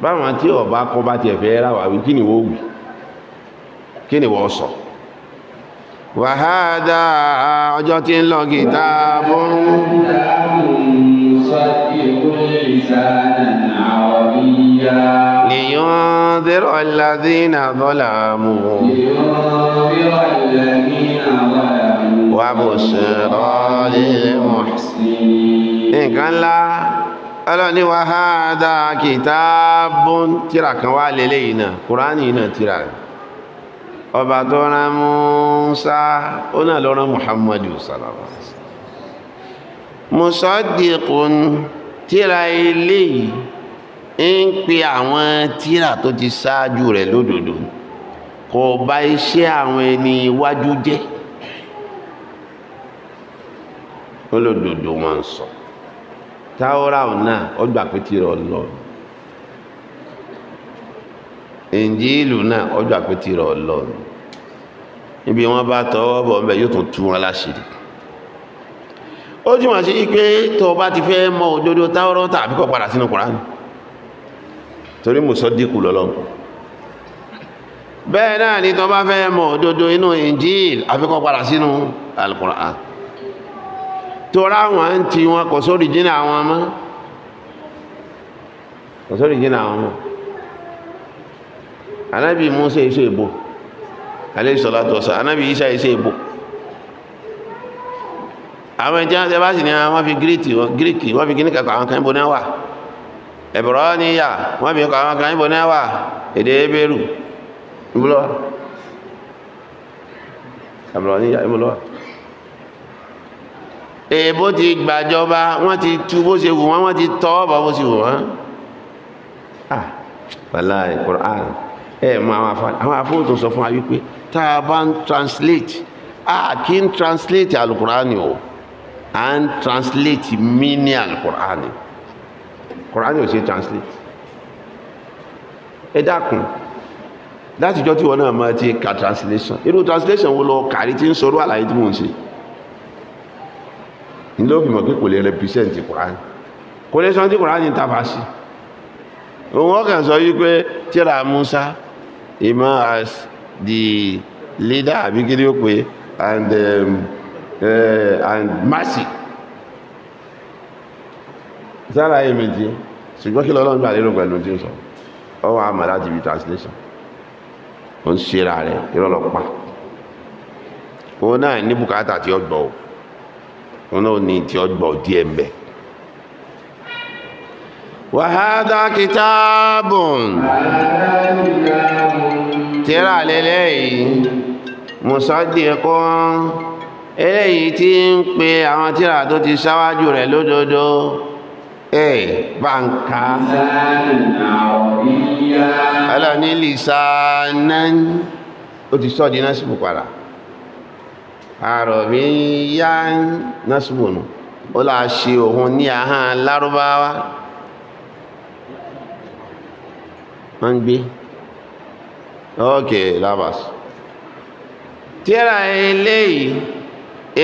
báwọn tí ọba kọ́ bá tiẹ̀ fẹ́ ra wà kí ni wọ́n wì kí ni wọ́n sọ wàhádà ọjọ́ tí ń lọ gìtà bọ́rún. ìdáhùn sọ́ọ́ ìkórè ìsáná لينذر الذين ظلموا وبشرى للمحسنين إن كان لا ọlọ́ni wa ha dá kìtàbùn tíra kan wá lélẹ̀ ìnà kùránì ìnà tíra rẹ̀ ọba tó rán Mùsá ó náà lọ rán Muhammadu sallallahu alaihi wasallam musaddiqun tíra ilé yìí ń pe àwọn tírà tó ti ṣáájú rẹ̀ lódodo kò bá iṣẹ́ àwọn ẹni iwájú jẹ́ olódodo wọn sọ táwọ́rà náà ó gbà pé tírà Ọlọ́run Ìnjílù náà ó gbà pé tírà Ọlọ́run níbi wọ́n bá tọwọ́ bọ̀ yóò tún tú wọn láṣìírí ó jùmọ̀ sí pé tó o bá ti fẹ́ mọ òdodo táwọ́rọ́ tàbí padà sínú torí mùsọ́díkù lọ́lọ́run bẹ́ẹ̀ náà ni tó bá fẹ́ mọ̀ òdodo inú injil àfikọ́ padà sínú alukura'an torá wọn ń ti wọn kò sórí jìnà àwọn ọmọ kò sórí jìnà àwọn ọmọ anábì Musa iṣẹ́ ìbò alayhi salatu wassalam anábì Isa iṣẹ́ ìbò àwọn ìjẹ́ bá sì ní àwọn fi gíríkì wọ́n fi gíríkì wọ́n fi gíríkì àwọn kan ìbò náà wà ẹ̀bọ̀rọ̀ níyà wọ́n bí kọ àwọn kan níbo náà wà èdè ebérù ìbúlọ́wà ẹ̀bọ̀rọ̀ níyà ìbúlọ́wà èèbó ti gbàjọba wọ́n ti tú bó ṣe wù wọ́n wọ́n ti tọ́ ọ̀bọ̀ bó ṣe wù wọ́n ah wàlá ìkùrán ẹ̀ mọ àwọn afá àwọn afó tó sọ fún wa translate ah kí translate alukurani o à ń translate mini alukurani o Quran, ò ṣe translate ẹ dákun látijọ́ tí wọ́n náà mọ́ ti ka translation irú translation wo lọ kàrí tí ń sọ̀rọ̀ àlàyé tí mò ń ṣe ní ló fi mọ̀ pé kò lè represent Kùránì kò lè sọ tí Kùránì tàbá sí òun ọkàn sọ wípé tíra Musa ìmọ̀ as the leader àbí kí ni ó pé and um, uh, and mercy sára ayé méjì ṣùgbọ́n kí lọ́lọ́run gbà lérò pẹ̀lú tí ó sọ ọwọ́ àmà láti ibi translation ó ń ṣe ra rẹ̀ ìrọ̀lọ́pàá òun náà ní bùkátà tí ó gbọ́ òun náà ní tí ó gbọ́ díẹ̀ ń bẹ̀ wàhádá kìtàbùn tíra lẹ́lẹ́ yìí mùsọ́dìkún eléyìí tí ń pe àwọn tíra tó ti ṣáwájú rẹ̀ lódodo Eh, banka. Alani lisanan. O ti sọ di nasibu para. Arobiyan nasibu nu. O la ṣe ohun ni aha larubawa. Wọ́n gbé. Okay, labas. Tí ẹ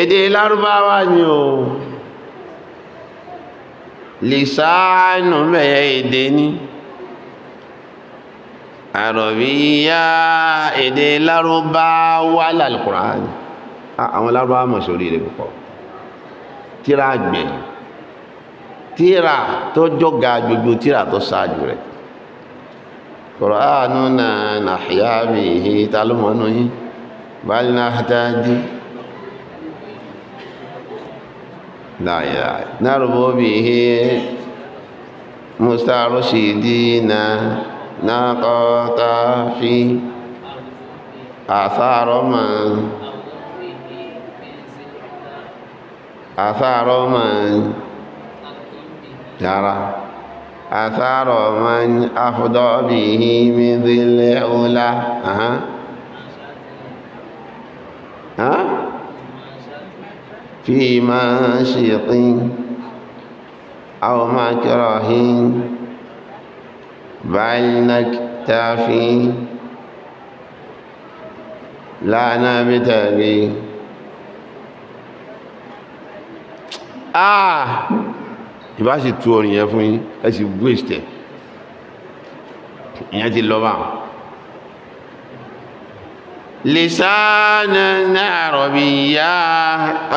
èdè larubawa ni o. lisanu mẹ́yẹ èdè ní àrọ̀bíyá èdè lárúbáwá lálùkùránì àwọn lárúbáwá mọ̀ sórí rẹ̀ púpọ̀ tíra gbẹ̀ tíra tó jọ́gà gbogbo tíra tó sáájú rẹ̀ kọ̀rọ̀ánú na nàíyàbì ta ló yí bá ní náà láyà nárùbó bí ihe mustarushidina naqata fi àsárọ́mà àsárọ́mà yára àsárọ́mà afdọ́ bí ihe mìírànlẹ́ ọlá في ماشيط أو مكره بل نكتفي لا نبتغي ah ìbá sì tu orin yẹn fún yín ẹ sì gbé ìsìtẹ̀ ìyẹn ti lọ lisanan arabiyya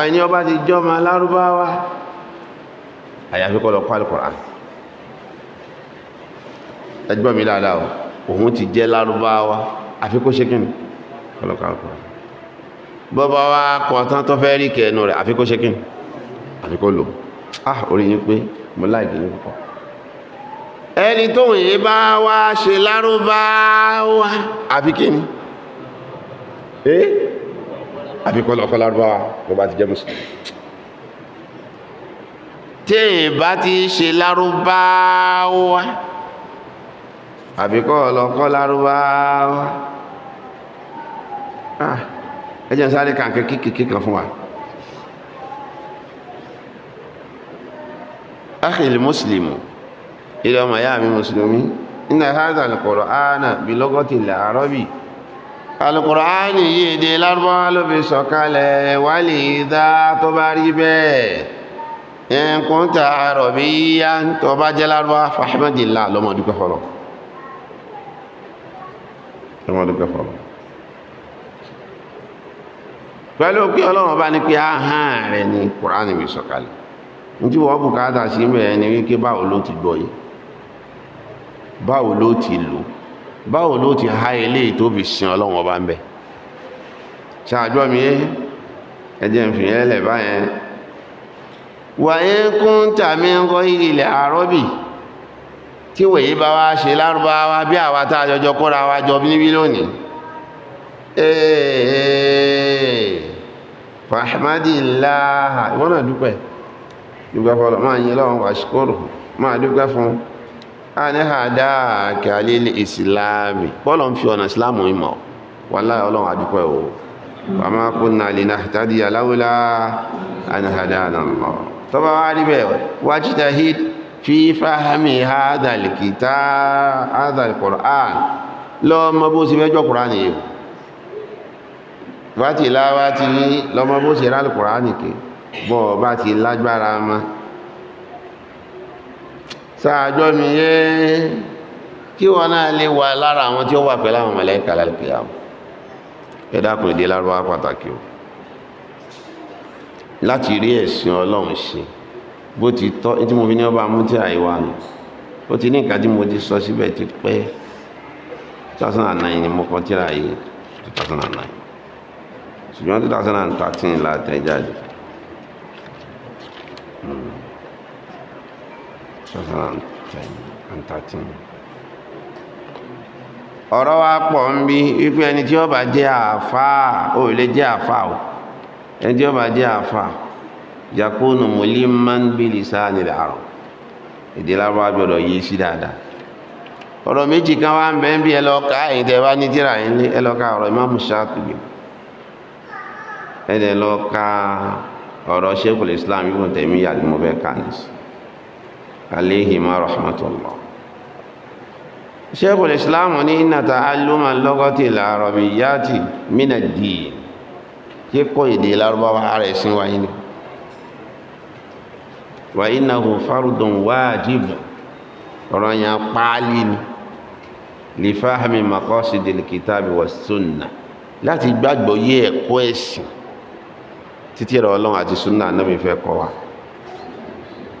ẹni ọba ti jọmọ alárúbáwá àyàfi kọ́ lọ kọ́ alùkọ̀rán ẹgbọ́n mi dáadáa òun ti jẹ́ lárúbáwá àfi kó ṣe kí ni kọ́ lọ kọ́ bọ́bá wa kọ́ tán tó fẹ́ rí kẹ́ẹ̀nù rẹ̀ àfi kó ṣe kí ni àfi kó lò ah orí yín pé mo láìdí ní púpọ̀ ẹni tóun yìí bá wá ṣe lárúbáwá àfi kí ni ẹ́ eh? àfikọ́lọ́ ọkọ̀ lárúbáwá bó bá ti jẹ́ mùsùlùmí téèyàn bá ti ṣe lárúbáwá àfikọ́ ọlọ́kọ́ lárúbáwá ah, ẹ jẹ́ sáré kàǹkẹ́ kíkìkì kan fún wa akhil muslimu ilé ọmọ ìyá mi mùsùlùmí inna hadha al-Qur'ana bi lughati al-arabi alukur'ani yìí èdè lárúbáwá ló fi sọ̀kalẹ̀ wálé ìdá tó bá rí bẹ́ẹ̀ ẹnkún ta àrọ̀bí yá tó bá jẹ́ lárúbáwá fàhímàdìlá lọ́mọdúpẹ́ fọlọ́ lọ́mọdúpẹ́ fọlọ́ pẹ̀lú pé ọlọ́run bá ní pé ahán rẹ̀ ni kùránì fi sọ̀kalẹ̀ nítí wọ́n bùkátà sí mẹ́rin ni wíké báwo ló ti gbọ́ báwo ló ti lò báwo ló ti há ilé ìtóbi sin ọlọ́run ọba ń bẹ ṣáájú ọmọ yẹn ẹjẹ́ ń fi yẹn lẹ̀ báyẹn wàyé kún tàmí ń kọ́ ilẹ̀ àrọ́bì tí wòye bá wá ṣe lárúbáwá bí àwa tá a jọjọ kóra jọ níbí lónìí fàhàmádìláà ani hadaka lil islami bọ́lọ̀ ń fi ọ̀nà islamu ìmọ̀ wallahi ọlọ́run àdúpẹ́ o wa ma kunna linahtadiya lawla an hadana Allah tó bá wá rí bẹ́ẹ̀ wajtahid fi fahmi hadhal kitab hadhal Qur'an lọ́mọ bó ṣe mẹ́jọ Qur'an yìí bá ti láwá ti lọ́mọ bó ṣe rálù Qur'an bọ́ bá ti lágbára mọ́ sáàjọ́ mi yé kí wọ́n náà lè wà lára àwọn tí ó wà pẹ̀lú àwọn mọ̀lẹ́kà lálùpẹ̀ àwọn ẹ̀dàkùn èdè lárúbá pàtàkì o láti rí ẹ̀sìn ọlọ́run ṣe bó ti tọ́ tí mo fi ní ọba mú tí àìwá nù ó ti ní nǹkan tí mo ti sọ síbẹ̀ ti pẹ́ 2009 ni mo kọ tíra yìí 2009 ṣùgbọ́n 2013 la tẹ̀ jáde. Mm. 2013 ọ̀rọ̀ wa pọ̀ ń bí wípé ẹni tí ó bá jẹ́ àfáà ó lè jẹ́ àfáà o ẹni tí ó bá jẹ́ àfáà yakunu muliman bi lisani al-arab èdè lárúbá gbọdọ̀ yìí sí dáadáa ọ̀rọ̀ méjì kan wá ń bẹ ń bí ẹlọ́ka ìdẹ̀ wá ní tíra yìí ní ẹlọ́ka ọ̀rọ̀ Imamu Shatibi ẹ̀dẹ̀ lọ́ka ọ̀rọ̀ Sheikhul Islam Ibn Taymiyyah ni mo fẹ́ kà aléhìmá rahmatullah ṣékùl islamu ní inna ta'alluma lọ́gọ́tì làrọ̀bìyàtì mínà dìí kí kọ́ èdè lárúbáwá ààrẹ sí wáyé ni wà innahu fardun wájìbù ọ̀rọ̀ yẹn páálí ni li fahmi maqasidil kitabi was sunnah láti gbàgbọ́ yé ẹ̀kọ́ ẹ̀sìn títí ẹ̀rọ ọlọ́run àti sunna náà fi wa.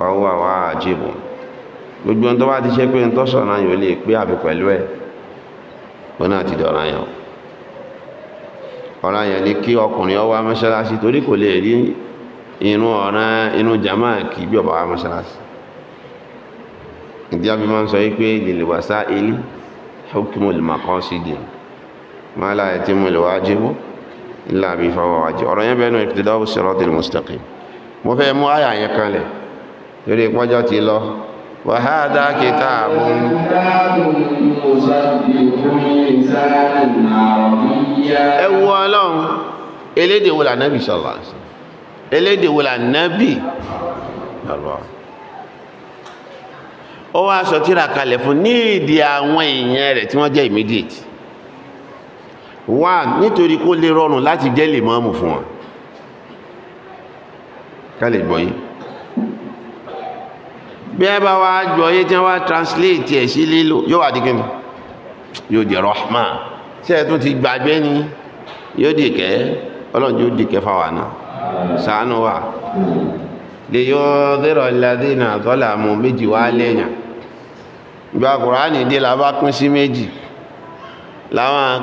fàwọ́ àwọn àjìbò gbogbo ohun tó bá ti ṣe pé ohun tó sọ̀rọ̀ yóò lè pé àbí pẹ̀lú ẹ̀ ó náà ti dọ̀rọ̀ yàn ọ̀rọ̀ yàn ni kí ọkùnrin ó wá mọ́ṣáláṣí torí kò lè rí inú ọ̀ràn inú jama kì í bí ọba wá mọ́ṣáláṣí ìdí àbí máa ń sọ yí pé ìlèwàsá ilé hukmul maqasidi ma la yatimu alwajibu illa bi fawaji ọ̀rọ̀ yẹn bẹnu iqtida'u siratil mustaqim mo fẹ́ mú àyà yẹn kan lẹ̀ torí pọ́jọ́ ti lọ wàhádá kìtà àbùn ẹwọ ọlọ́run elédè wo lànábì sọ̀rọ̀ elédè wo lànábì sọ̀rọ̀ ó wá sọ tíra kalẹ̀ fún ní ìdí àwọn èèyàn rẹ̀ tí wọ́n jẹ́ immediate one nítorí kó lè rọrùn láti jẹ́ lè mọ́mù fún wọn ká lè gbọ́yìn bí ẹ bá wá gbọ́ yé tí wá translate ẹ̀ sí lílo yóò wà di kí ni rahma ṣe ẹ̀ tún ti gbàgbé ni yóò di kẹ́ ọlọ́run yóò di kẹ́ náà lè yọ dẹ́rọ ìlàdínà tọ́lá mọ̀ méjì wá lẹ́yìn ìgbà kùránì dé la bá pín sí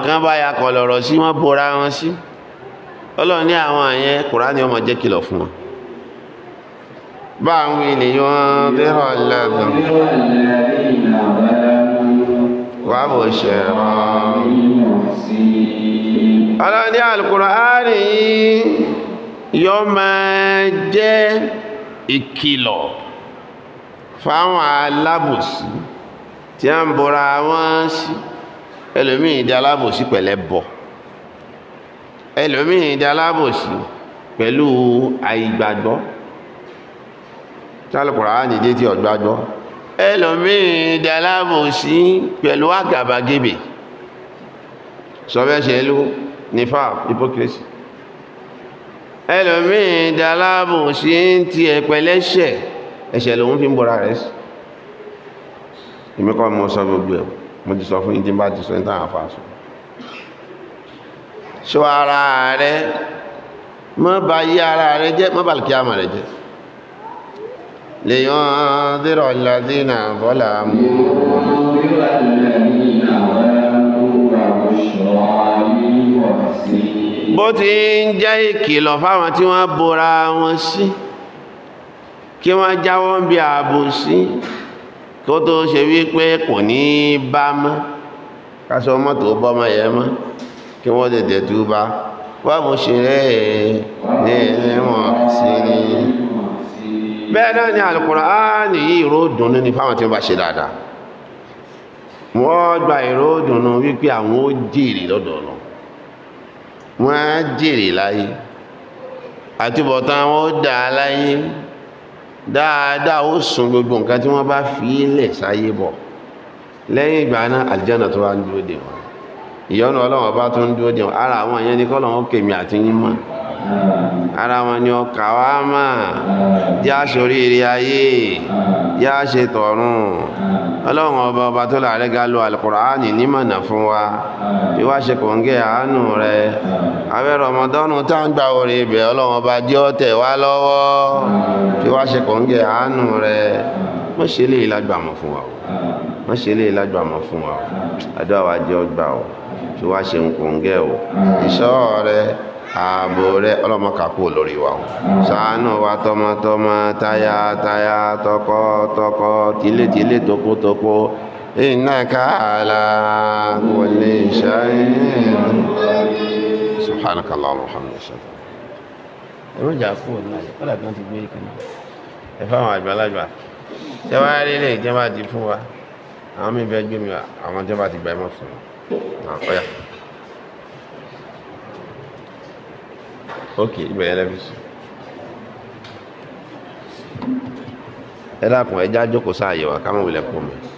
kan bá ya sí wọ́n bora wọn sí àwọn báwọn ènìyàn dẹ́rọ̀ lẹ́dùn wà bò ṣẹ̀rọ ọlọ́dí Al-Qur'ani yìí yọ máa jẹ́ ìkìlọ̀ fáwọn alábòsí tí a ń bọ́ra wọ́n sí ẹlòmí ìdí alábòsí pẹ̀lẹ́ bọ̀ ẹlòmí ìdí alábòsí pẹ̀lú àìgbàgbọ́ tálùkùránì dé tí ọ̀gbájọ́ ẹlòmíì dalábò sí pẹ̀lú àgàbàgebè sọ́bẹ́sẹ̀ ló nífà hypocrisy ẹlòmíì dalábò sí ti ẹ̀pẹ̀lẹ́ṣẹ̀ ẹ̀ṣẹ̀ lòun fi ń bọ́ra rẹ̀ sí ìmẹ́kọ́ mọ́ sọ gbogbo ẹ̀ mo ti sọ fún ìdí bá ti sọ ní tàn àfà sọ ṣọ́ ara rẹ̀ mọ́ bá yí ara rẹ̀ jẹ́ mọ́ bàlùkí àmà rẹ̀ jẹ́ لينذر الذين ظلموا bó ti ń jẹ́ ìkìlọ̀ fáwọn tí wọ́n bora wọn sí kí wọ́n jáwọ́ ń bí ààbò sí kó tó ṣe wípé kò ní bá mọ́ káṣọ mọ́tò bọ́mọ yẹ mọ́ kí wọ́n tètè túbá wọ́n mú ṣe rẹ̀ ní ẹ̀rẹ́wọ̀n sí ni bẹ́ẹ̀ náà ni alukùránì yìí ìró dùnú ni fáwọn tí wọ́n bá ṣe dáadáa wọ́n gba ìró dùnú wípé àwọn ó jèrè lọ́dọ̀ ọ̀nà wọ́n á jèrè láyé àtúbọ̀tán wọn ó dà á láyé dáadáa ó sun gbogbo nǹkan tí wọ́n bá fi lẹ̀ sáyé bọ̀ lẹ́yìn ìgbà náà àlìjáná tó wá ń dúró dè wọ́n ìyọ́nú ọlọ́wọ́n bá tó dúró dè wọ́n ara àwọn ìyẹn ni kọ́ lọ́wọ́ kèmí àti yín mọ́ ara wọn ni ọkà wa mà jẹ́ àṣorí eré ayé jẹ́ àṣe tọ̀run ọlọ́run ọba ọba tó láàrẹ́ ga lo alukur'ani nímọ̀nà fún wa ìwà ṣe kò ń gé àánú rẹ àwẹ̀ rọmọdọ́nù tá ń gba orí ibẹ̀ ọlọ́run ọba jẹ́ ó wá lọ́wọ́ ìwà ṣe kò ń gé àánú rẹ wọ́n ṣe lè lágbàmọ̀ fún wa wọ́n ṣe lè lágbàmọ̀ fún wa àdúrà wa jẹ́ ọgbà ọ̀ ṣe ń kò ń gẹ́ ọ̀ ìṣọ́ rẹ ààbò rẹ ọlọ́mọkàkú lórí wa o ṣàánú wa tọmọtọmọ tayátayá tọkọtọkọ tilétilé tókótókó innaka ala kulli shay'in subhanakallahumma wa bihamdika ẹ̀rọ ìjà fún òun náà kọ́lá tó ń ti gbé ìkànnì ẹ̀fọ́ àwọn àgbàlagbà ṣé wàá rí ilé ìjọba ti fún wa àwọn mi bẹ gbé mi àwọn ìjọba ti gbà ẹ mọ̀ fún wa ọ̀yà. ok ibẹ̀ yẹn lẹ́bi sùn ẹ dákun ẹ já jókòó sáàyè wa ká mọ̀ wílẹ̀ pọ̀ mọ́.